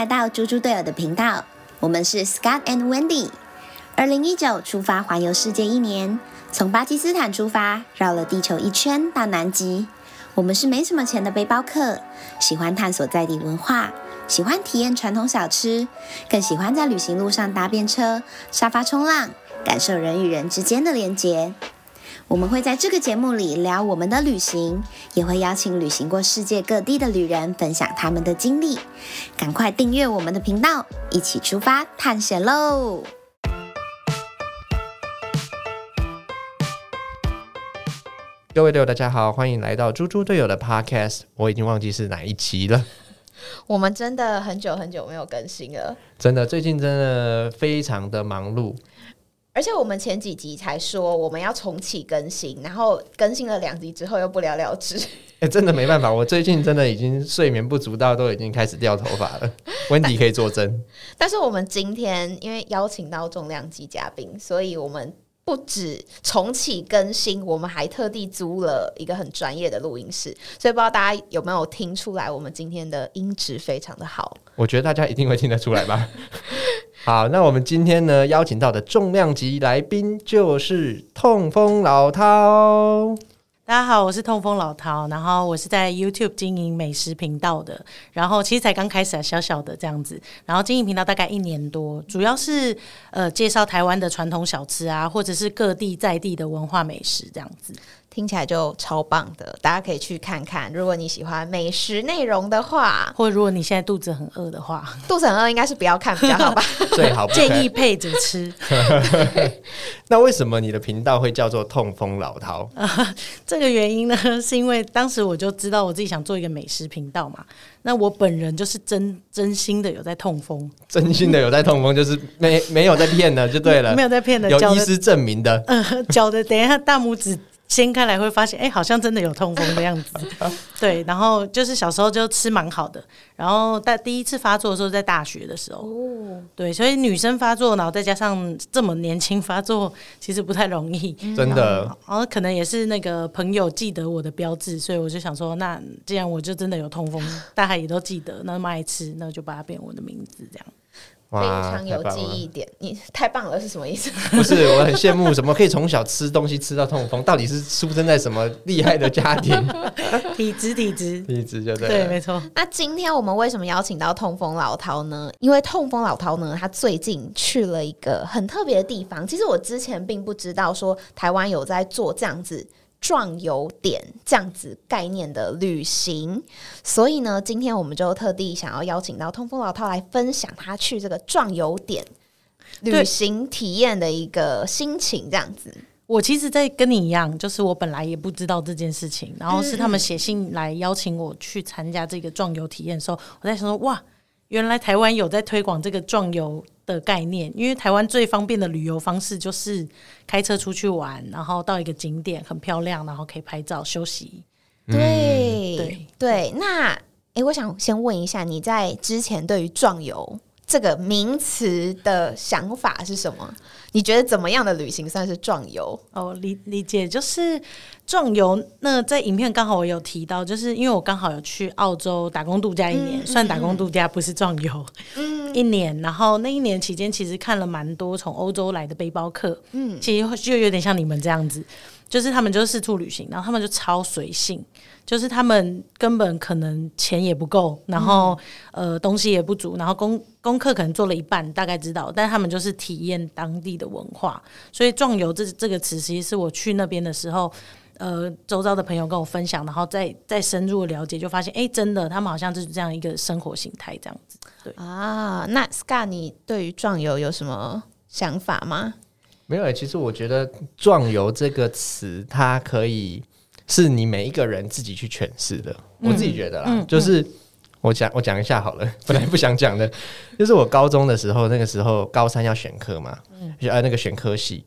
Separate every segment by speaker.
Speaker 1: 來到豬豬隊友的頻道，我們是 Scott and Wendy。二零一九出發環遊世界一年，從巴基斯坦出發，繞了地球一圈到南極。我們是沒什麼錢的背包客，喜歡探索在地文化，喜歡體驗傳統小吃，更喜歡在旅行路上搭便車、沙發衝浪，感受人與人之間的連結。我們會在這個節目裡聊我們的旅行，也會邀請旅行過世界各地的旅人分享他們的經歷。趕快訂閱我們的頻道，一起出發探險嘍！
Speaker 2: 各位隊友，大家好，歡迎來到豬豬隊友的 Podcast。我已經忘記是哪一期了。
Speaker 1: 我們真的很久很久沒有更新了，
Speaker 2: 真的，最近真的非常的忙碌。
Speaker 1: 而且我們前幾集才說我們要重啟更新，然後更新了兩集之後又不了了之。
Speaker 2: 欸，真的沒辦法， 我最近真的已經睡眠不足到都已經開始掉頭髮了。溫 迪可以作證。
Speaker 1: 但是我們今天因為邀請到重量級嘉賓，所以我們。不止重啟更新，我們還特地租了一個很專業的錄音室，所以不知道大家有沒有聽出來，我們今天的音質非常的好。
Speaker 2: 我覺得大家一定會聽得出來吧。 好，那我們今天呢，邀請到的重量級來賓就是痛風老饕。
Speaker 3: 大家好，我是痛風老饕，然後我是在 YouTube 經營美食頻道的，然後其實才剛開始啊，小小的這樣子，然後經營頻道大概一年多，主要是呃介紹台灣的傳統
Speaker 1: 小吃啊，或者是各地在地的文化美食這樣子。聽起來就超棒的，大家可以去看看。如果你喜歡美食內容的話，或者如果你現在肚子很餓的話，肚子很餓應該是不要看比較好吧， 最好不可以建議配着吃。
Speaker 2: 對 那為什麼你的頻道會叫做“痛風老饕
Speaker 1: 呃？這個原因呢，
Speaker 3: 是因為當時我就知道我自己想做一個美食頻道嘛。那我本人就是真真心的有在痛風，真心的
Speaker 2: 有在痛風，就是沒沒有在騙的，就對了，嗯、沒有在
Speaker 3: 騙的，有醫師證明的。嗯，腳、呃、的，等一下大拇指。 掀開來會發現，哎、欸，好像真的有痛風的樣子， 對。然後就是小時候就吃蠻好的，然後在第一次發作的時候，在大學的時候、嗯，對。所以女生發作，然後再加上這麼年輕發作，其實不太容易，真的然。然後可能也是那個朋友記得我的標誌，所以我就想說，那既然我就真的有痛風，大家也都記得，那麼愛吃，那就
Speaker 1: 把它變我的名字這樣。非常有記憶點，太，你太棒了。是什麼意思？不是，我
Speaker 2: 很羨慕什麼可以從小吃東西吃到痛風， 到底是出生在什麼厲害的家
Speaker 1: 庭？ 體質，體質，
Speaker 3: 體質，就對了。對，沒錯。
Speaker 1: 那今天我們為什麼邀請到痛風老饕呢？因為痛風老饕呢，他最近去了一個很特別的地方。其實我之前並不知道，說台灣有在做這樣子。壯遊點這樣子概念的旅行，所以呢，今天我們就特地想要邀請到痛風老饕來分享他去這個壯遊點旅行體驗的一個心情，這樣子。
Speaker 3: 我其實在跟你一樣，就是我本來也不知道這件事情，然後是他們寫信來邀請我去參加這個壯遊體驗的時候，我在想說，哇，原來台灣有在推廣這個壯遊的概念，因為台灣最方便的旅遊方式就是開車出去玩，然後到一個景點很漂亮，然後可以拍照、休息。
Speaker 1: 嗯，對對，對，那，欸，我想先問一下你在之前對於壯遊這個名詞的想法是什麼？你覺得怎麼樣的旅行算是壯遊？哦，理理解就是壯遊。那在影
Speaker 3: 片剛好我有提到，就是因為我剛好有去澳洲打工度假一年，算、嗯、打工度假不是壯遊。嗯，一年，然後那一年期間其實看了蠻多從歐洲來的背包客。嗯，其實就有點像你們這樣子，就是他們就四處旅行，然後他們就超隨性。就是他們根本可能錢也不夠，然後、嗯、呃東西也不足，然後功功課可能做了一半，大概知道，但他們就是體驗當地的文化，所以“壯遊”這這個詞，其實是我去那邊的時候，呃，周遭的朋友跟我分享，然後再再深入了解，就發現，哎、欸，真的，他們好像就是這樣一個生活形態這樣子。
Speaker 1: 對啊，那 Scott，你對於“壯遊”有什麼想法嗎？
Speaker 2: 沒有誒、欸，其實我覺得“壯遊”這個詞，它可以。是你每一個人自己去詮釋的、嗯。我自己覺得啦，嗯、就是我講我講一下好了。本來不想講的， 就是我高中的時候，那個時候高三要選科嘛，嗯，啊那個選科系，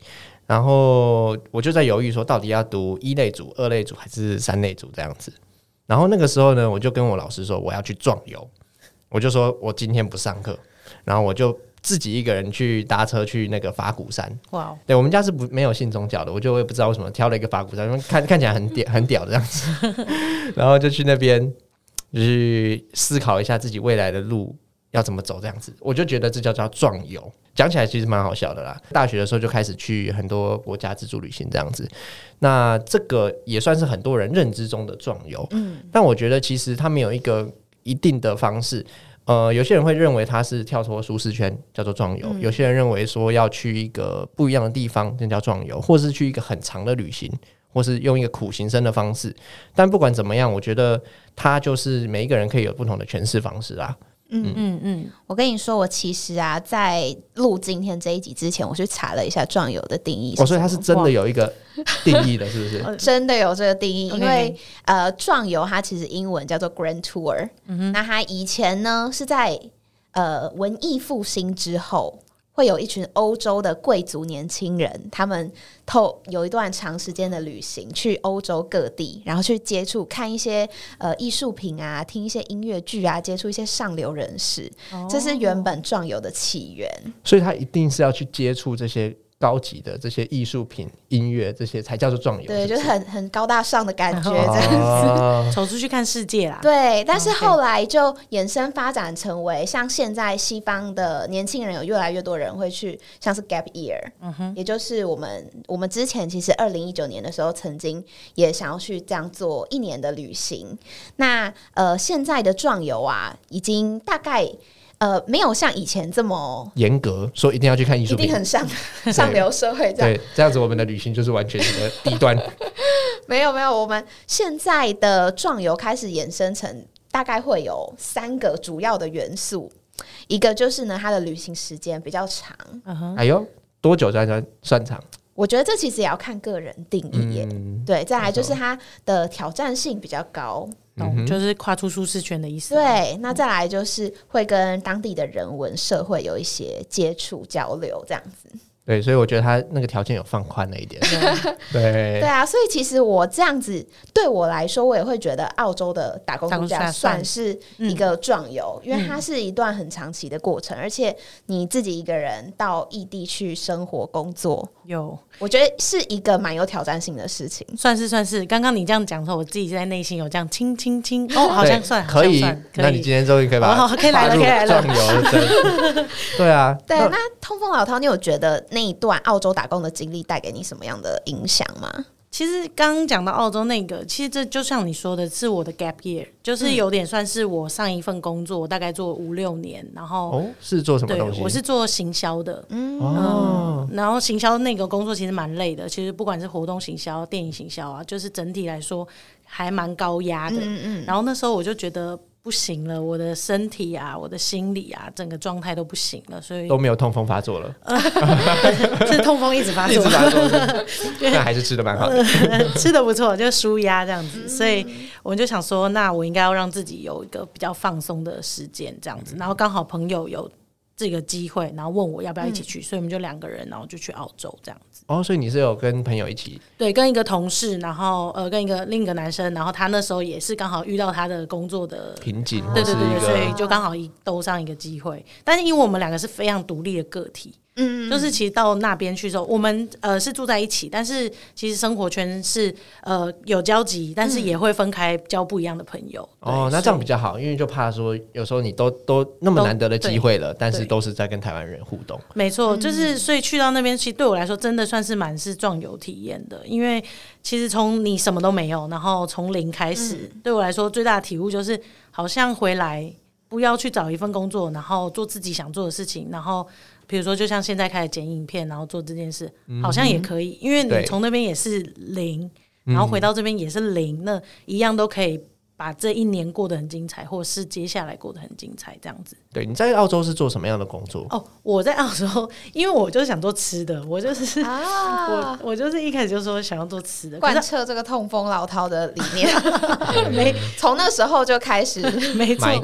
Speaker 2: 然後我就在猶豫說，到底要讀一類組、二類組還是三類組這樣子。然後那個時候呢，我就跟我老師說，我要去壯遊，我就說我今天不上課，然後我就。自己一個人去搭車去那個法鼓山，哇、wow.！對我們家是不沒有信宗教的，我就也不知道為什麼挑了一個法鼓山，因為看看起來很屌， 很屌的這樣子，然後就去那邊去思考一下自己未來的路要怎麼走這樣子，我就覺得這叫叫壯遊，講起來其實蠻好笑的啦。大學的時候就開始去很多國家自助旅行這樣子，那這個也算是很多人認知中的壯遊，嗯，但我覺得其實它沒有一個一定的方式。呃，有些人會認為他是跳脫舒適圈，叫做壯遊。嗯。有些人認為說要去一個不一樣的地方，那叫壯遊，或是去一個很長的旅行，或是用一個苦行僧的方式。但不管怎麼樣，我覺得他就是每一個人可以有不同的詮釋方式啦。
Speaker 1: 嗯嗯嗯，我跟你說，我其實啊，在錄今天這一集之前，我去查了一下壯遊的定義。哦，所以它是真的
Speaker 2: 有一個定義的，是不是？
Speaker 1: 真的有這個定義， 因為、okay. 呃，壯遊它其實英文叫做 Grand Tour、嗯哼。那它以前呢是在呃文藝復興之後。會有一群歐洲的貴族年輕人，他們透有一段長時間的旅行去歐洲各地，然後去接觸看一些呃藝術品啊，聽一些音樂劇啊，接觸一些上流人士，oh. 這是原本壯遊的起源。
Speaker 2: Oh. 所以，他一定是要去接觸這些。高級的這些藝術品、音樂這些才叫做壯遊，
Speaker 1: 對，就是很很高大上的感覺，這
Speaker 3: 樣子走、啊、 出去看世界啦。
Speaker 1: 對，但是後來就衍生發展成為像現在西方的年輕人，有越來越多人會去，像是 gap year，嗯哼，也就是我們我們之前其實二零一九年的時候曾經也想要去這樣做一年的旅行。那呃，現在的壯遊啊，已經大概。呃，沒有像以前這麼
Speaker 2: 嚴格，說一定要去看藝術品，一定很
Speaker 1: 上 上流社會這樣對。對，
Speaker 2: 這樣子我們的旅行就是完全什麼低端。
Speaker 1: 沒有沒有，我們現在的壯遊開始衍生成大概會有三個主要的元素，一個就是呢，它的旅行時間比較長、嗯。哎
Speaker 2: 呦，多久才算算長？
Speaker 1: 我覺得這其實也要看個人定
Speaker 2: 義耶、嗯。
Speaker 1: 對，再來就是它的挑戰性比較高。懂，嗯，就是跨出舒適圈的意思啊。對，那再來就是會跟當地的人文社會有一些接觸交流，這樣子。
Speaker 2: 對，所以我覺得他那個條件有放寬了一點。對 對啊，
Speaker 1: 所以其實我這樣子對我來說，我也會覺得澳洲的打工度假算是一個壯遊，嗯，因為它是一段很長期的過程，嗯、而且你自己一個人到異地去生活工作，有我覺得是一個蠻有挑戰性的事情。算是算是，剛剛你這樣講的時候，我自己在內心有這樣輕輕輕哦，好像算，可以，像算可以，那你今
Speaker 2: 天終於可以把它劃入壯遊了，好可以來了。可、
Speaker 1: okay, 以了。 對啊，對，那，那，那，那痛風老饕你有覺得？那一段澳洲打工的經歷帶給你什麼樣的影響嗎？
Speaker 3: 其實剛剛講到澳洲那個，其實這就像你說的是我的 gap year，就是有點算是我上一份工作大概做五六年，然後、哦、是做什麼東西？對，我是做行銷的，嗯、哦、然,然後行銷那個工作其實蠻累的，其實不管是活動行銷、電影行銷啊，就是整體來說還蠻高壓的。嗯,嗯嗯，然後那時候我就覺得。不行了，我的身體啊，我的心理啊，整個狀態都不行了，所以都沒有痛風發作了。這、呃、 痛風一直發作，一直發作， 對 那還是吃的蠻好的，呃、吃的不錯，就舒壓這樣子。嗯、所以我們就想說，那我應該要讓自己有一個比較放鬆的時間，這樣子。嗯、然後剛好朋友有。是一個機會，然後問我要不要一起去，嗯，所以我們就兩個人，然後就去澳洲這樣
Speaker 2: 子。哦，所以你是有跟朋友一起？
Speaker 3: 對，跟一個同事，然後呃，跟一個另一個男生，然後他那時候也是剛好遇到他的工作的瓶頸，對對對，所以就剛好一兜，啊，上一個機會。但是因為我們兩個是非常獨立的個體。嗯，就是其實到那邊去之後，我們呃是住在一起，但是其實生活圈是呃有交集，但是也會分開交不一樣的朋友。嗯、哦，那這樣比
Speaker 2: 較好，因為就怕說有時候你都都那麼難得的機會了，但是都是在跟台灣人互動。
Speaker 3: 沒錯，就是所以去到那邊，其實對我來說真的算是蠻是壯遊體驗的，因為其實從你什麼都沒有，然後從零開始、嗯，對我來說最大的體悟就是，好像回來不要去找一份工作，然後做自己想做的事情，然後。比如說，就像現在開始剪影片，然後做這件事，mm-hmm. 好像也可以，因為你從那邊也是零，mm-hmm. 然後回到這邊也是零，mm-hmm. 那一樣都可以。把這一年過得很精彩，或是接下來過得很精彩，這樣子。
Speaker 2: 對，你在澳洲是做什麼樣的工作？哦，
Speaker 3: 我在澳洲，因為我就是想做吃的，我就是、
Speaker 1: 啊、我
Speaker 3: 我就是一開始就說想要做吃的，貫、啊、
Speaker 1: 徹這個痛風老饕的理念，沒、嗯、從 那時候就開始， 沒錯，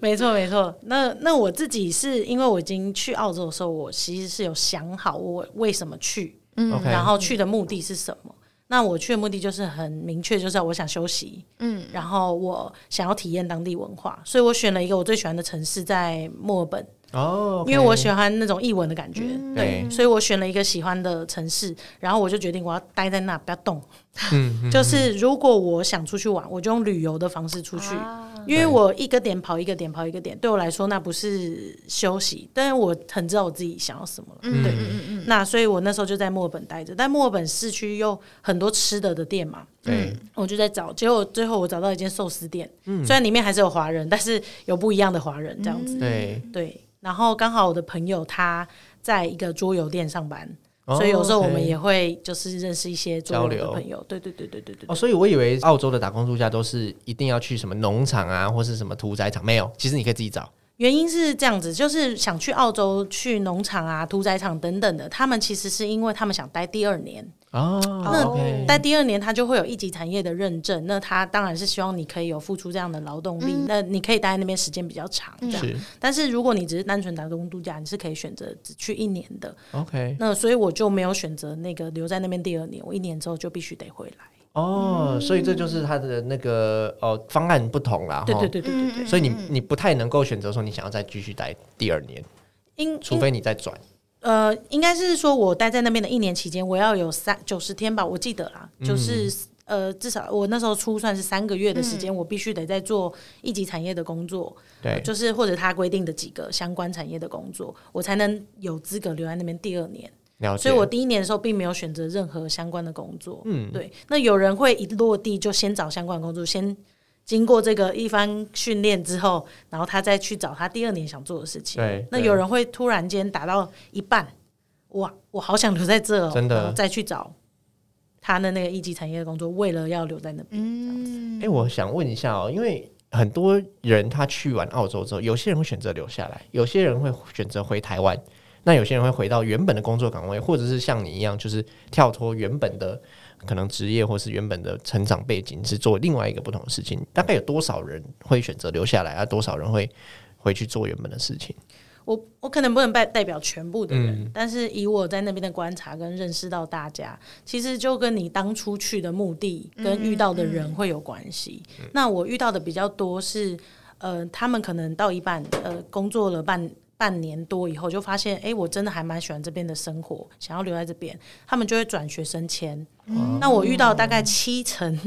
Speaker 1: 沒錯，沒錯。那
Speaker 3: 那我自己是因為我已經去澳洲的時候，我其實是有想好我為什麼去，嗯，然後去的目的是什麼。嗯嗯那我去的目的就是很明確，就是我想休息，嗯，然後我想要體驗當地文化，所以我選了一個我最喜歡的城市，在墨爾本
Speaker 2: 哦，oh, okay. 因為我喜歡
Speaker 3: 那種藝文的感覺，嗯、對，okay. 所以我選了一個喜歡的城市，然後我就決定我要待在那兒，不要動， 就是如果我想出去玩，我就用旅遊的方式出去。Oh. 因為我一個點跑一個點跑一個點，對我來說那不是休息，但是我很知道我自己想要什麼了、嗯。對、嗯，那所以我那時候就在墨爾本待着，但墨爾本市區又很多吃的的店嘛，對嗯，我就在找，結果最後我找到一間壽司店，嗯，雖然裡面還是有華人，但是有不一樣的華人這樣子，嗯、對對。然後剛好我的朋友他在一個桌遊店上班。所以有時候我們也會就是認識一些交流的朋友，對對對對對
Speaker 2: 對。哦，所以我以為澳洲的打工度假都是一定要去什麼農場啊，或是什麼屠宰場，沒有。其實你可以自己找。
Speaker 3: 原因是這樣子，就是想去澳洲去農場啊、屠宰場等等的，他們其實是因為他們想待第二年。
Speaker 2: 哦，那待、哦
Speaker 3: okay，第二年他就會有一級產業的認證，那他當然是希望你可以有付出這樣的勞動力、嗯，那你可以待在那邊時間比較長、嗯。是，但是如果你只是單純打工度假，你是可以選擇只去一年的。OK，那所以我就沒有選擇那個留在那邊第二年，我一年之後就必須得回來。
Speaker 2: 哦、嗯，所以這就是他的那個哦方案不同啦。對，對對對對對對，所以你你不太能夠選擇說你想要再繼續待第二年，
Speaker 3: 因除非你再轉。呃，應該是說，我待在那邊的一年期間，我要有三九十天吧，我記得啦，嗯、就是呃，至少我那時候初算是三個月的時間、嗯，我必須得在做一級產業的工作，對，就是或者他規定的幾個相關產業的工作，我才能有資格留在那邊第二年。了解。所以我第一年的時候並沒有選擇任何相關的工作。嗯，對，那有人會一落地就先找相關的工作，先。經過這個一番訓練之後，然後他再去找他第二年想做的事情。對，那有人會突然間打到一半，哇，我好想留在這兒，哦，真的，再去找他的那，那個一級產業的工作，為了要留在那邊。嗯，這
Speaker 2: 樣子。欸，我想問一下哦，因為很多人他去完澳洲之後，有些人會選擇留下來，有些人會選擇回台灣，那有些人會回到原本的工作崗位，或者是像你一樣，就是跳脫原本的，可能職業或是原本的成長背景是做另外一個不同的事情，大概有多少人會選擇留下來，而、啊、多少人會回去做原本的事情？
Speaker 3: 我我可能不能代代表全部的人，嗯、但是以我在那邊的觀察跟認識到，大家其實就跟你當初去的目的跟遇到的人會有關係、嗯嗯。那我遇到的比較多是，呃，他們可能到一半，呃，工作了半。半年多以後，就發現哎、欸，我真的還蠻喜歡這邊的生活，想要留在這邊。他們就會轉學生簽、嗯。那我遇到大概七成、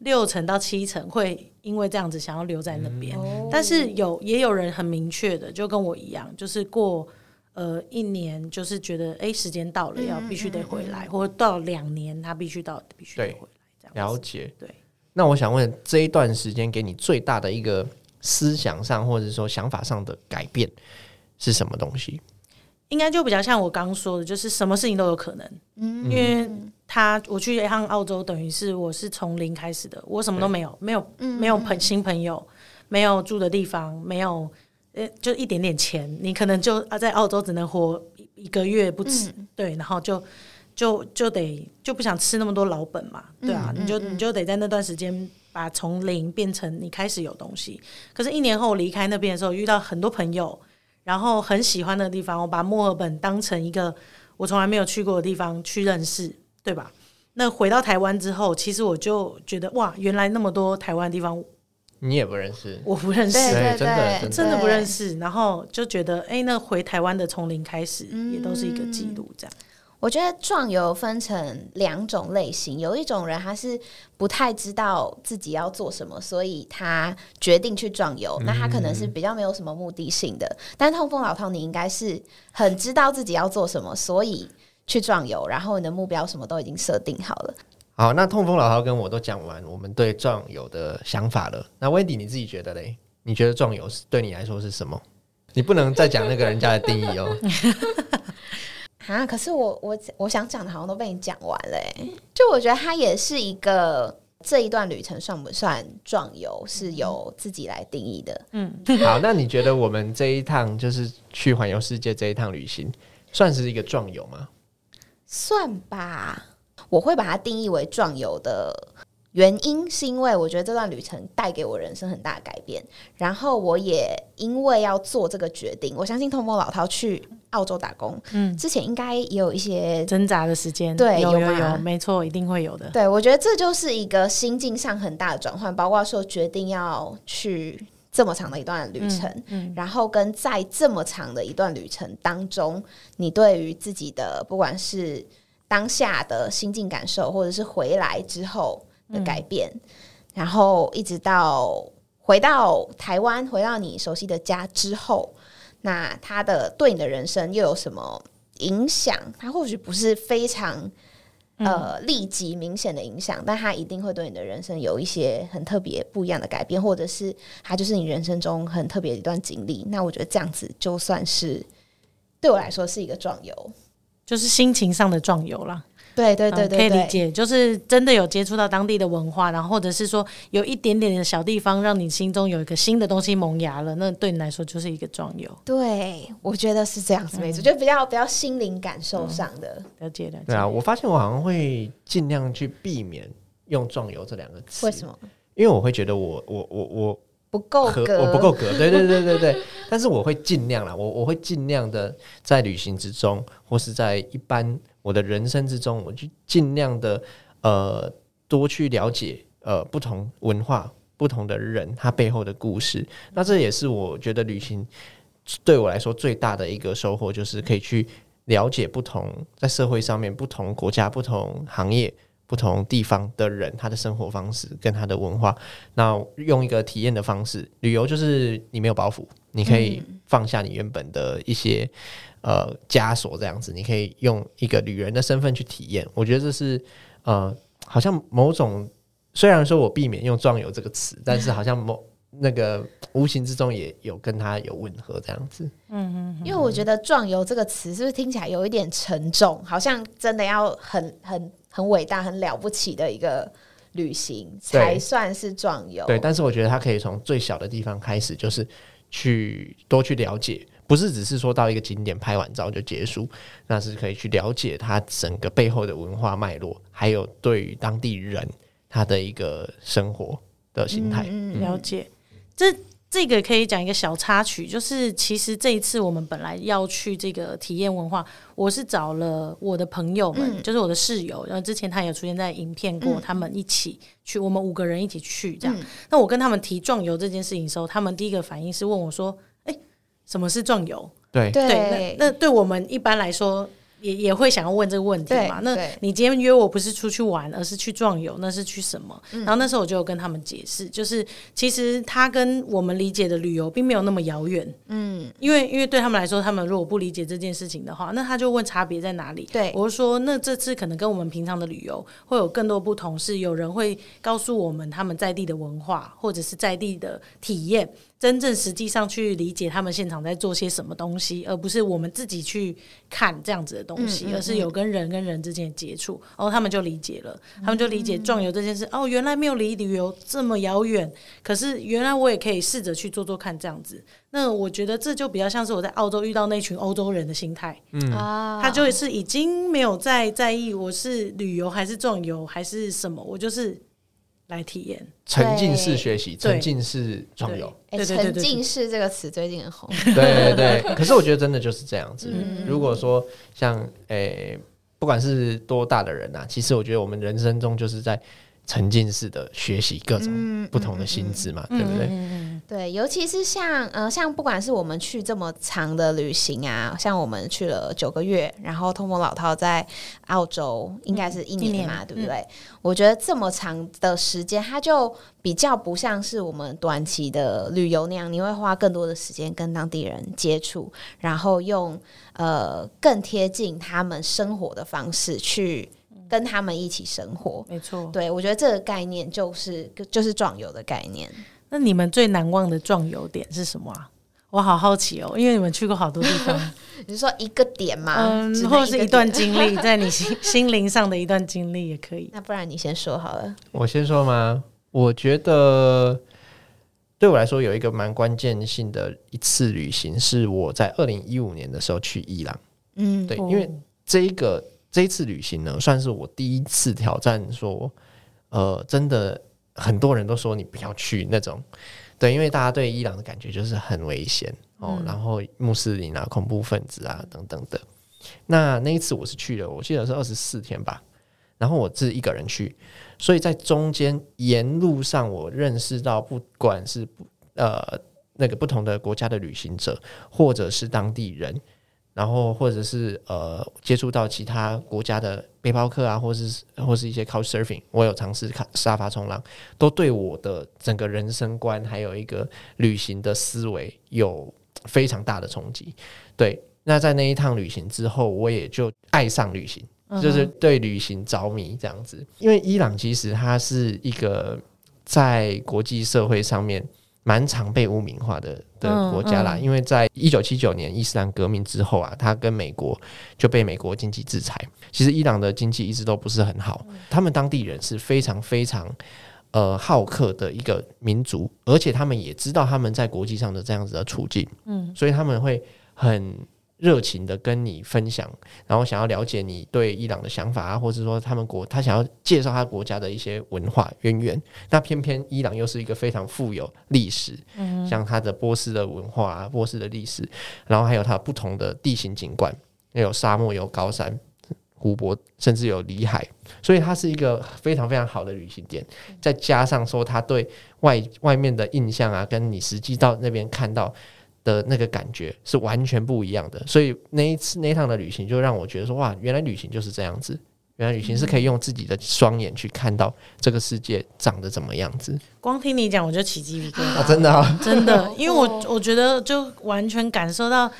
Speaker 3: 六成到七成會因為這樣子想要留在那邊、嗯。但是有也有人很明確的，就跟我一樣，就是過呃一年，就是覺得哎、欸，時間到了，要必須得回來，嗯嗯嗯，或者到兩年，他必須到
Speaker 2: 必須得回來。對這樣了解，對。那我想問，這一段時間給你最大的一個思想上或者說想法上的改變？是什麼東西？
Speaker 3: 應該就比較像我剛說的，就是什麼事情都有可能。嗯，因為他，我去一趟澳洲，等於是我是從零開始的，我什麼都沒有，沒有，沒有朋新朋友，沒有住的地方，沒有，呃、欸，就一點點錢。你可能就啊，在澳洲只能活一個月不止、嗯，對，然後就就就得就不想吃那麼多老本嘛，對啊，嗯、你就你就得在那段時間把從零變成你開始有東西。可是，一年後我離開那邊的時候，遇到很多朋友。然後很喜歡的地方，我把墨爾本當成一個我從來沒有去過的地方去認識，對吧？那回到台灣之後，其實我就覺得，哇，原來那麼多台灣地方，
Speaker 2: 你也不認識，我不認識，對對對真的真的，對真的不認
Speaker 3: 識。然後
Speaker 1: 就覺得，哎，那回台灣的從零開始也都是一個記錄，嗯、這樣。我覺得壯遊分成兩種類型，有一種人他是不太知道自己要做什麼，所以他決定去壯遊，嗯，那他可能是比較沒有什麼目的性的。但痛風老饕你應該是很知道自己要做什麼，所以去壯遊，然後你的目標什麼都已經設定好了。
Speaker 2: 好，那痛風老饕跟我都講完我們對壯遊的想法了。那 Wendy 你自己覺得嘞？你覺得壯遊是對你來說是什麼？你不能再講那個人家的定義哦。
Speaker 1: 啊！可是我我我想講的好像都被你講完了。就我覺得它也是一個這一段旅程算不算壯遊、嗯、是由自己來定義的。嗯，
Speaker 2: 好，那你覺得我們這一趟就是去環遊世界這一趟旅行算是一個壯遊嗎？
Speaker 1: 算吧，我會把它定義為壯遊的。原因是因為我覺得這段旅程帶給我人生很大的改變，然後我也因為要做這個決定，我相信痛風老饕去澳洲打工，嗯，之前應該也有一些掙扎的時間，對，有有有，有，有，沒錯，一定會有的。對，我覺得這就是一個心境上很大的轉換，包括說決定要去這麼長的一段旅程，嗯嗯，然後跟在這麼長的一段旅程當中，你對於自己的不管是當下的心境感受，或者是回來之後。嗯、的改變，然後一直到回到台灣，回到你熟悉的家之後，那他的對你的人生又有什麼影響？他或許不是非常呃立即明顯的影響，嗯，但他一定會對你的人生有一些很特別不一樣的改變，或者是他就是你人生中很特別的一段經歷。那我覺得這樣子就算是對我來說是一個壯遊，就是心情上的壯遊了。對對對對,對，可以理解，
Speaker 3: 就是真的有接觸到當地的文化，然後或者是說有一點點的小地方，讓你心中有一個新的東西萌芽了，那對你來說就是一個壯遊。
Speaker 1: 對，我覺得是這樣子沒錯、嗯，就比較比較心靈感受上的了、嗯、解的。
Speaker 3: 對
Speaker 2: 啊，我發現我好像會尽量去避免用“壯遊”這兩個
Speaker 1: 詞。為什
Speaker 2: 麼？因為我會覺得我我我我
Speaker 1: 不夠格，我不夠格。對對
Speaker 2: 對對對。 但是我會儘量啦，我我會儘量的在旅行之中，或是在一般。我的人生之中，我去盡量的呃多去了解呃不同文化、不同的人他背後的故事。那這也是我覺得旅行對我來說最大的一個收穫，就是可以去了解不同在社會上面不同國家、不同行業，不同地方的人，他的生活方式跟他的文化，那用一個體驗的方式旅遊，就是你沒有包袱，你可以放下你原本的一些、嗯、呃枷鎖，這樣子，你可以用一個旅人的身份去體驗。我覺得這是呃，好像某種雖然說我避免用“壯遊”這個詞，但是好像某、嗯、那個無形之中也有跟他有吻合這樣子。
Speaker 1: 嗯哼哼哼，因為我覺得“壯遊”這個詞是不是聽起來有一點沉重，好像真的要很很。很偉大、很了不起的一個旅行，才算是壯遊。對，
Speaker 2: 但是我覺得他可以從最小的地方開始，就是去多去了解，不是只是說到一個景點拍完照就結束，那是可以去了解他整個背後的文化脈絡，還有對於當地人他的一個生活的心態、嗯嗯、了
Speaker 3: 解。嗯、這。這個可以講一個小插曲，就是其實這一次我們本來要去這個體驗文化，我是找了我的朋友們，嗯、就是我的室友，然後之前他也有出現在影片過、嗯，他們一起去，我們五個人一起去這樣。嗯、那我跟他們提壯遊這件事情的時候，他們第一個反應是問我說：“哎、欸，什麼是壯遊？”對對那，那對我們一般來說。也也會想要問這個問題嘛？那你今天約我不是出去玩，而是去壯遊，那是去什麼？嗯。然後那時候我就有跟他們解釋，就是其實他跟我們理解的旅遊並沒有那麼遙遠。嗯，因為因為對他們來說，他們如果不理解這件事情的話，那他就問差別在哪裡？對，我就說那這次可能跟我們平常的旅遊會有更多不同，是有人會告訴我們他們在地的文化或者是在地的體驗。真正實際上去理解他們現場在做些什麼東西，而不是我們自己去看這樣子的東西，而是有跟人跟人之間的接觸，然後他們就理解了，他們就理解壯遊這件事。哦，原來沒有離旅遊這麼遙遠，可是原來我也可以試着去做做看這樣子。那我覺得這就比較像是我在澳洲遇到那群歐洲人的心態，
Speaker 1: 嗯啊，他
Speaker 3: 就是已經沒有在在意我是旅遊還是壯遊還是什麼，我就是。來體驗沉
Speaker 2: 浸式學習，沉浸式壯遊、
Speaker 1: 欸。沉浸式這個詞最近很紅。對對對，對， 可是我覺得真的
Speaker 2: 就是這樣子。 如果說像誒、欸，不管是多大的人啊嗯嗯，其實我覺得我們人生中就是在沉浸式的學習各種不同的心智嘛，嗯嗯嗯，對不對，對？嗯嗯
Speaker 1: 嗯嗯。對，尤其是像呃，像不管是我們去這麼長的旅行啊，像我們去了九個月，然後痛風老饕在澳洲、嗯、應該是一年嘛，年，對不對、嗯？我覺得這麼長的時間，它就比較不像是我們短期的旅遊那樣，你會花更多的時間跟當地人接觸，然後用呃更貼近他們生活的方式去跟他們一起生活。沒、嗯、錯，對我覺得這個概念就是就是壯遊的概念。
Speaker 3: 那你們最難忘的壯遊點是什麼啊？我好好奇哦，因為你們
Speaker 1: 去過好多地方。 你說一個點嗎？嗯，或者是一段經歷，在你
Speaker 3: 心心靈上的一段經歷也可以。 那不然你先說好了。
Speaker 2: 我先說嗎？我覺得對我來說有一個蠻關鍵性的一次旅行，是我在二零一五年的時候去伊朗。
Speaker 1: 嗯，對，哦，因為
Speaker 2: 這一個這一次旅行呢，算是我第一次挑戰說，說呃，真的。很多人都說你不要去那種，對，因為大家對伊朗的感覺就是很危險、嗯、哦，然後穆斯林啊、恐怖分子啊等等的。那那一次我是去了，我記得是二十四天吧，然後我自己一個人去，所以在中間沿路上，我認識到不管是不呃那個不同的國家的旅行者，或者是當地人。然後，或者是呃，接觸到其他國家的背包客啊，或者是或是一些 Couch Surfing，我有嘗試看沙發衝浪，都對我的整個人生觀，還有一個旅行的思維有非常大的衝擊。對，那在那一趟旅行之後，我也就愛上旅行，就是對旅行着迷這樣子。Uh-huh. 因為伊朗其實它是一個在國際社會上面。蠻常被污名化的的國家啦，嗯嗯、因為在一九七九年伊斯蘭革命之後啊，他跟美國就被美國經濟制裁。其實伊朗的經濟一直都不是很好，嗯，他們當地人是非常非常呃好客的一個民族，而且他們也知道他們在國際上的這樣子的處境，嗯，所以他們會很。熱情的跟你分享，然後想要了解你對伊朗的想法啊，或者說他們國他想要介紹他國家的一些文化淵源。那偏偏伊朗又是一個非常富有歷史，嗯，像他的波斯的文化啊，波斯的歷史，然後還有它不同的地形景觀，有沙漠，有高山、湖泊，甚至有里海，所以它是一個非常非常好的旅行點。再加上說他對外外面的印象啊，跟你實際到那邊看到的那個感覺是完全不一樣的，所以那一次那一趟的旅行就讓我覺得說哇，原來旅行就是這樣子，原來旅行是可以用自己的雙眼去看到這個世界長得怎麼樣子。嗯、
Speaker 3: 光聽你講，我就起雞皮疙瘩，啊、真的、啊，真的，因為我我覺得就完全感受到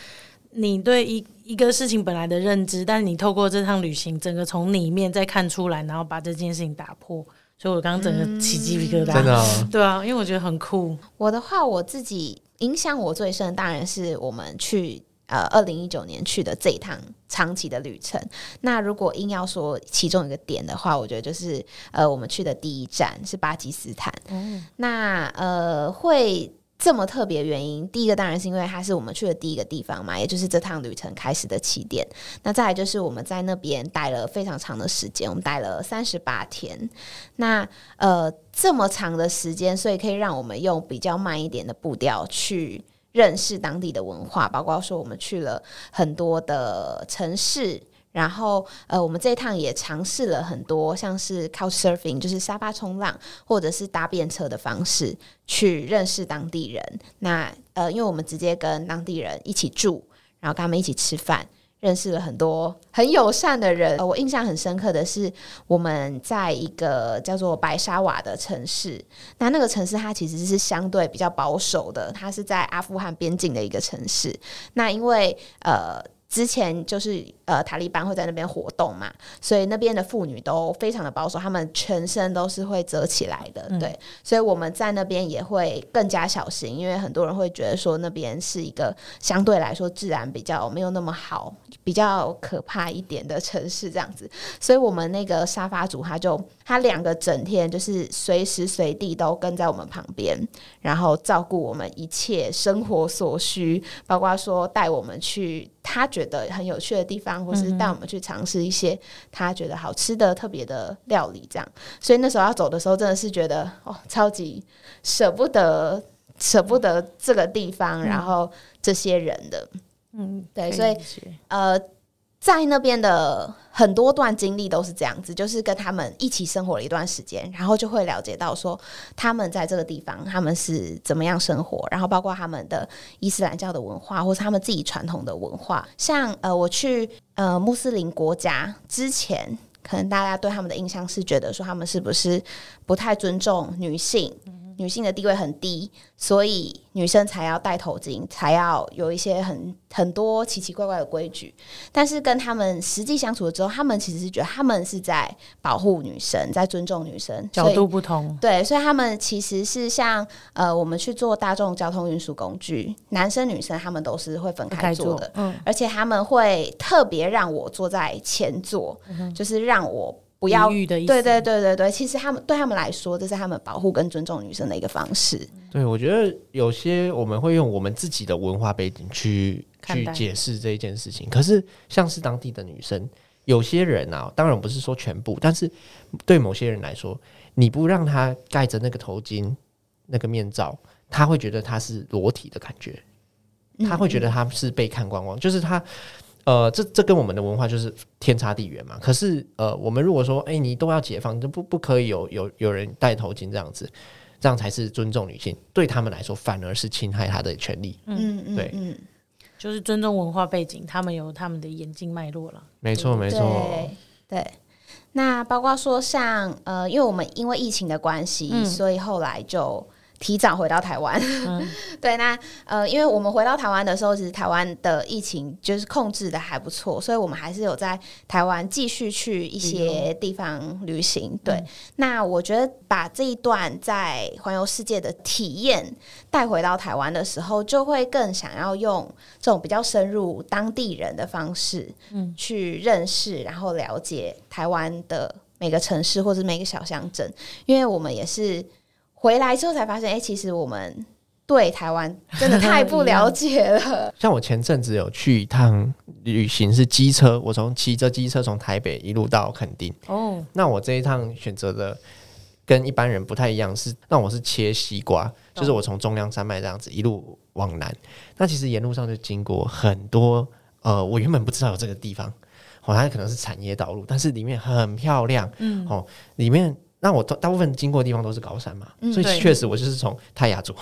Speaker 3: 你對一一個事情本來的認知，但是你透過這趟旅行，整個從裡面再看出來，然後把這件事情打破，所以我剛剛整個起雞皮疙瘩，嗯、真的、啊，對
Speaker 1: 啊，因為我覺得很酷。我的話，我自己。影響我最深當然是我們去呃二零一九年去的這一趟長期的旅程。那如果硬要說其中一個點的話，我覺得就是呃我們去的第一站是巴基斯坦。嗯、那呃會這麼特別原因，第一個當然是因為它是我們去的第一個地方嘛，也就是這趟旅程開始的起點。那再來就是我們在那邊待了非常長的時間，我們待了三十八天。那呃。這麼長的時間，所以可以讓我們用比較慢一點的步調去認識當地的文化，包括說我們去了很多的城市，然後呃，我們這一趟也嘗試了很多，像是 Couch Surfing，就是沙發衝浪，或者是搭便車的方式去認識當地人。那呃，因為我們直接跟當地人一起住，然後跟他們一起吃飯。認識了很多很友善的人，呃，我印象很深刻的是我們在一個叫做白沙瓦的城市，那那個城市它其實是相對比較保守的，它是在阿富汗邊境的一個城市。那因為呃之前就是。呃，塔利班會在那邊活動嘛，所以那邊的婦女都非常的保守，她們全身都是會折起來的。嗯、對，所以我們在那邊也會更加小心，因為很多人會覺得說那邊是一個相對來說治安，比較沒有那麼好，比較可怕一點的城市這樣子。所以，我們那個沙發主他就他兩個整天就是隨時隨地都跟在我們旁邊，然後照顧我們一切生活所需，包括說帶我們去他覺得很有趣的地方。或是帶我們去嘗試一些他覺得好吃的嗯嗯特別的料理，這樣。所以那時候要走的時候，真的是覺得哦，超級捨不得，捨不得這個地方，嗯，然後這些人的，嗯，對，所以呃。在那邊的很多段經歷都是這樣子，就是跟他們一起生活了一段時間，然後就會了解到說他們在這個地方他們是怎麼樣生活，然後包括他們的伊斯蘭教的文化或是他們自己傳統的文化。像呃，我去呃穆斯林國家之前，可能大家對他們的印象是覺得說他們是不是不太尊重女性。女性的地位很低，所以女生才要戴頭巾，才要有一些很很多奇奇怪怪的規矩。但是跟他們實際相處了之後，他們其實是覺得他們是在保護女生，在尊重女生。角度不同，對，所以他們其實是像呃，我們去做大眾交通運輸工具，男生女生他們都是會分開坐的坐，嗯，而且他們會特別讓我坐在前座，嗯、就是讓我。不要理喻的意思，對對對對對，其實他們對他們來說，這是他們保護跟尊重女生的一個方式。
Speaker 2: 對，我覺得有些我們會用我們自己的文化背景去去解釋這一件事情。可是，像是當地的女生，有些人啊，當然不是說全部，但是對某些人來說，你不讓他蓋着那個頭巾，那個面罩，他會覺得他是裸體的感覺，
Speaker 1: 他會覺得
Speaker 2: 他是被看光光，嗯嗯，就是他。呃，這這跟我們的文化就是天差地遠嘛。可是，呃，我們如果說，哎、欸，你都要解放，就不不可以有有有人戴頭巾這樣子，這樣才是尊重女性。對他們來說，反而是侵害她的權利。嗯嗯嗯，對、
Speaker 3: 嗯，就是尊重文化背景，他們有他們的眼睛脈絡了。沒錯，沒
Speaker 2: 錯，
Speaker 1: 對。那包括說像呃，因為我們因為疫情的關係、嗯，所以後來就。提早回到台灣，嗯， 對，那呃，因為我們回到台灣的時候，其實台灣的疫情就是控制得還不錯，所以我們還是有在台灣繼續去一些地方旅行。嗯嗯，對，那我覺得把這一段在環遊世界的體驗帶回到台灣的時候，就會更想要用這種比較深入當地人的方式，嗯，去認識，然後了解台灣的每個城市或者每個小鄉鎮，因為我們也是。回來之後才發現，哎、欸，其實我們對台灣真的太不了解了。
Speaker 2: 像我前陣子有去一趟旅行，是機車，我從騎着機車從台北一路到墾丁。哦，那我這一趟選擇的跟一般人不太一樣，是那我是切西瓜，就是我從中央山脈這樣子一路往南、哦。那其實沿路上就經過很多呃，我原本不知道有這個地方，好像，哦，它可能是產業道路，但是裡面很漂亮。嗯，哦，裡面。那我大大部分經過的地方都是高山嘛，嗯、所以確實我就是從泰雅族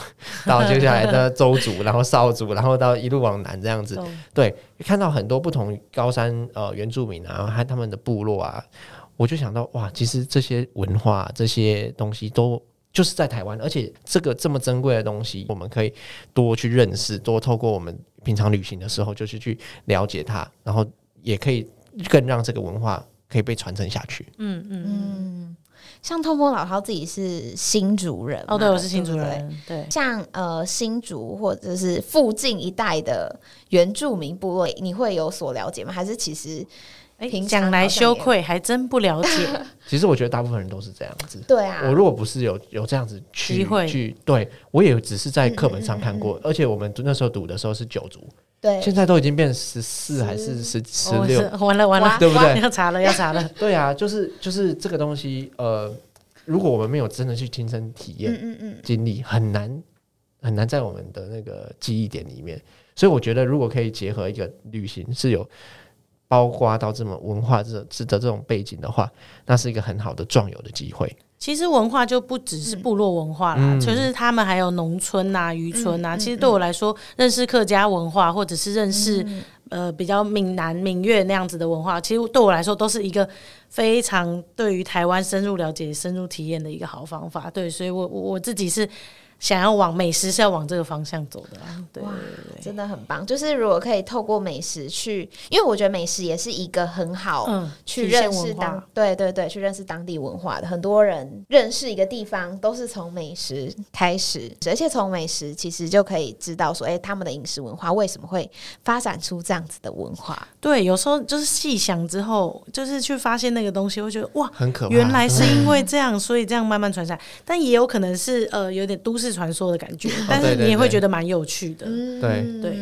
Speaker 2: 到接下來的鄒族， 然後邵族，然後到一路往南這樣子。嗯、對，看到很多不同高山呃原住民啊，還有他們的部落啊，我就想到哇，其實這些文化這些東西都就是在台灣，而且這個這麼珍貴的東西，我們可以多去認識，多透過我們平常旅行的時候，就是去了解它，然後也可以更讓這個文化可以被傳承下去。
Speaker 1: 嗯嗯嗯。像痛風老饕自己是新竹人哦，對，我是新竹人。對，對，對，像呃新竹或者是附近一帶的原住民部落，你會有所了解嗎？還是其實講來羞愧，還真不了解。
Speaker 2: 其實我覺得大部分人都是這樣子。對啊，我如果不是有有這樣子去去，對，我也只是在課本上看過。嗯嗯嗯嗯，而且我們那時候讀的時候是九族。對，現在都已經變十四還是 16, 十十六，哦，完了完了，對不對？要
Speaker 3: 查了要查了。查了 對啊，
Speaker 2: 就是就是這個東西，呃，如果我們沒有真的去親身體驗，嗯嗯，嗯經歷，很難很難在我們的那個記憶點裡面。所以我覺得，如果可以結合一個旅行是有包括到這麼文化這、值得這種背景的話，那是一個很好的壯遊的機會。
Speaker 3: 其實文化就不只是部落文化啦，嗯、就是他們還有農村啊漁村啊、嗯、其實對我來說，嗯、認識客家文化、嗯、或者是認識、嗯、呃比較閩南、閩粵那樣子的文化，其實對我來說都是一個非常對於台灣深入了解、深入體驗的一個好方法。對，所以我我自己是想要往美食是要往這個方向走的，啊，對，對，對，真的很棒。就是
Speaker 1: 如果可以透過美食去，因為我覺得美食也是一個很好去認識當，嗯、對對對，去認識當地文化的。很多人認識一個地方都是從美食開始，而且從美食其實就可以知道說，哎、欸，他們的飲食文化為什麼會發展出這樣子的文化？
Speaker 3: 對，有時候就是細想之後，就是去發現那個東西，會覺得哇，很可怕，原來是因為這樣，嗯、所以這樣慢慢傳下來。但也有可能是呃，有點都市。是傳說的感覺，但是你也會覺得蠻有趣的。哦、對對、對、
Speaker 2: 對、對，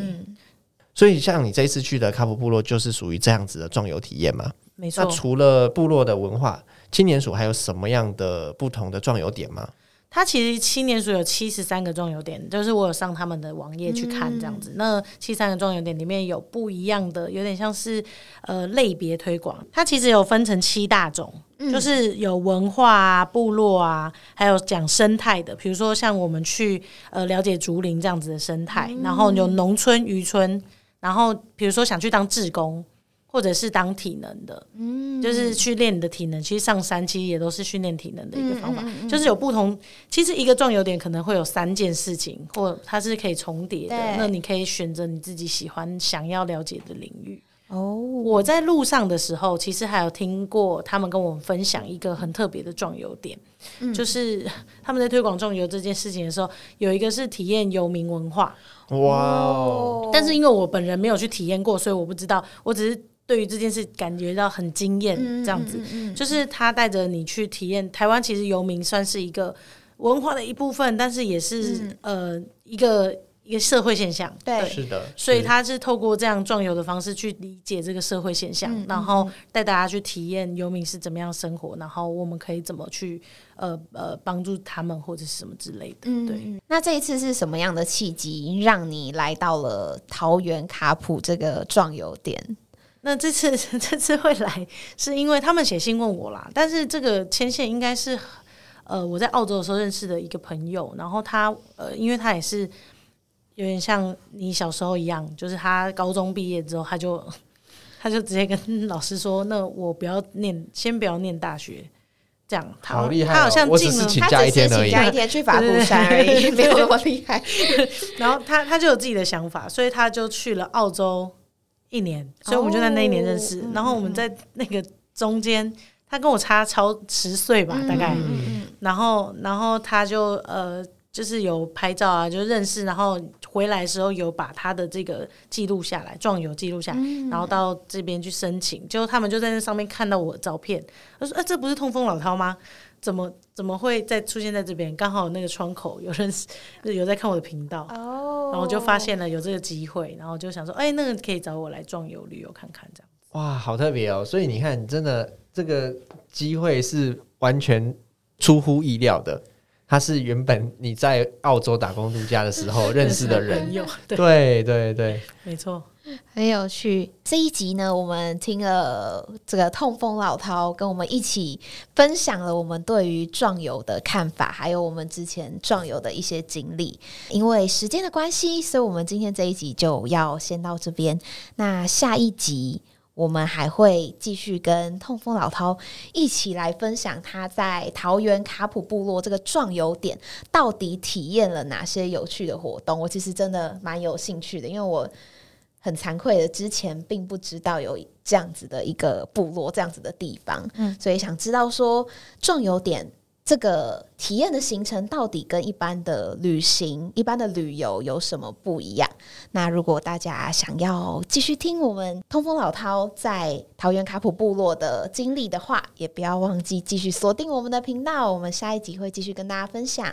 Speaker 2: 所以像你這一次去的卡普部落，就是屬於這樣子的壯遊體驗嗎？沒錯，那除了部落的文化，青年署還有什麼樣的不同的壯遊點嗎？
Speaker 3: 它其實青年署有七十三個壯遊點，就是我有上他們的網頁去看這樣子。嗯、那七十三個壯遊點裡面有不一樣的，有點像是呃類別推廣，它其實有分成七大種，嗯，就是有文化、啊、部落啊，還有講生態的，比如說像我們去呃了解竹林這樣子的生態，嗯，然後有農村漁村，然後比如說想去當志工。或者是當體能的，嗯、就是去練你的體能。其實上山其實也都是訓練體能的一個方法、嗯，就是有不同。其實一個壯遊點可能會有三件事情，或它是可以重疊的。那你可以選擇你自己喜歡、想要了解的領域。哦、oh，我在路上的時候，其實還有聽過他們跟我們分享一個很特別的壯遊點、嗯，就是他們在推廣壯遊這件事情的時候，有一個是體驗游民文化。哇、wow、哦！但是因為我本人沒有去體驗過，所以我不知道。我只是。對於這件事感覺到很驚艷、嗯，這樣子、嗯嗯嗯、就是他帶着你去體驗台灣。其實遊民算是一個文化的一部分，但是也是、嗯、呃一個一個社會現象、嗯。對，是
Speaker 2: 的。所以他
Speaker 3: 是透過這樣壯遊的方式去理解這個社會現象，嗯、然後帶大家去體驗遊民是怎麼
Speaker 1: 樣生活，然後我們可以怎麼去呃呃幫助他們或者是什麼之類的。對。嗯嗯、那這一次是什麼樣的契機讓你來到了桃園卡普這個壯遊點？那這次這次會來是因為他們寫信問
Speaker 3: 我啦，但是這個牽線應該是呃我在澳洲的時候認識的一個朋友，然後他呃因為他也是有點像你小時候一樣，就是他高中畢業之後他就他就直接跟老師說，那我不要念，先不要念大學，這樣他好厲害，喔，他好像進了他只是請假一天而已，一去法國山而已，對對對對對對 沒有那麼厲害。 然後他他就有自己的想法，所以他就去了澳洲。一年，所以我們就在那一年認識。Oh, 然後我們在那個中間，他跟我差超十歲吧，大概。Mm -hmm. 然後，然後他就呃，就是有拍照啊，就認識。然後回來的時候有把他的這個記錄下來，壯遊記錄下來，mm -hmm. 然後到這邊去申請。結果他們就在那上面看到我的照片，他說：“哎、呃，這不是痛風老饕嗎？怎麼怎麼會再出現在這邊？剛好那個窗口有人有在看我的頻道。Oh. ”然後就發現了有這個機會，然後就想說，哎，那個可以找我來壯遊旅遊看看這樣
Speaker 2: 子。哇，好特別哦！所以你看，真的這個機會是完全出乎意料的。他是原本你在澳洲打工度假的時候認識的人 對對對，對，
Speaker 3: 沒錯。
Speaker 1: 很有趣，這一集呢，我們聽了這個痛風老饕跟我們一起分享了我們對於壯遊的看法，還有我們之前壯遊的一些經歷。因為時間的關係，所以我們今天這一集就要先到這邊。那下一集我們還會繼續跟痛風老饕一起來分享他在桃園卡普部落這個壯遊點到底體驗了哪些有趣的活動。我其實真的蠻有興趣的，因為我。很慚愧的，之前並不知道有這樣子的一個部落，這樣子的地方，嗯，所以想知道說壯遊點這個體驗的行程到底跟一般的旅行，一般的旅遊有什麼不一樣？那如果大家想要繼續聽我們痛風老饕在桃園卡普部落的經歷的話，也不要忘記繼續鎖定我們的頻道。我們下一集會繼續跟大家分享，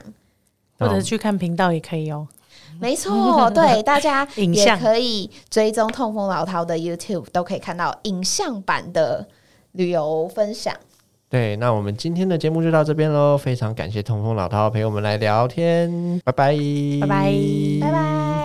Speaker 1: 或者
Speaker 3: 去看頻道也可以哦，喔。沒錯， 對，大家也可
Speaker 1: 以追蹤痛風老饕的 YouTube，都可以看到影像版的旅遊分享。
Speaker 2: 對，那我們今天的節目就到這邊嘍，非常感謝痛風老饕陪我們來聊天，拜拜，拜拜，拜拜。拜拜。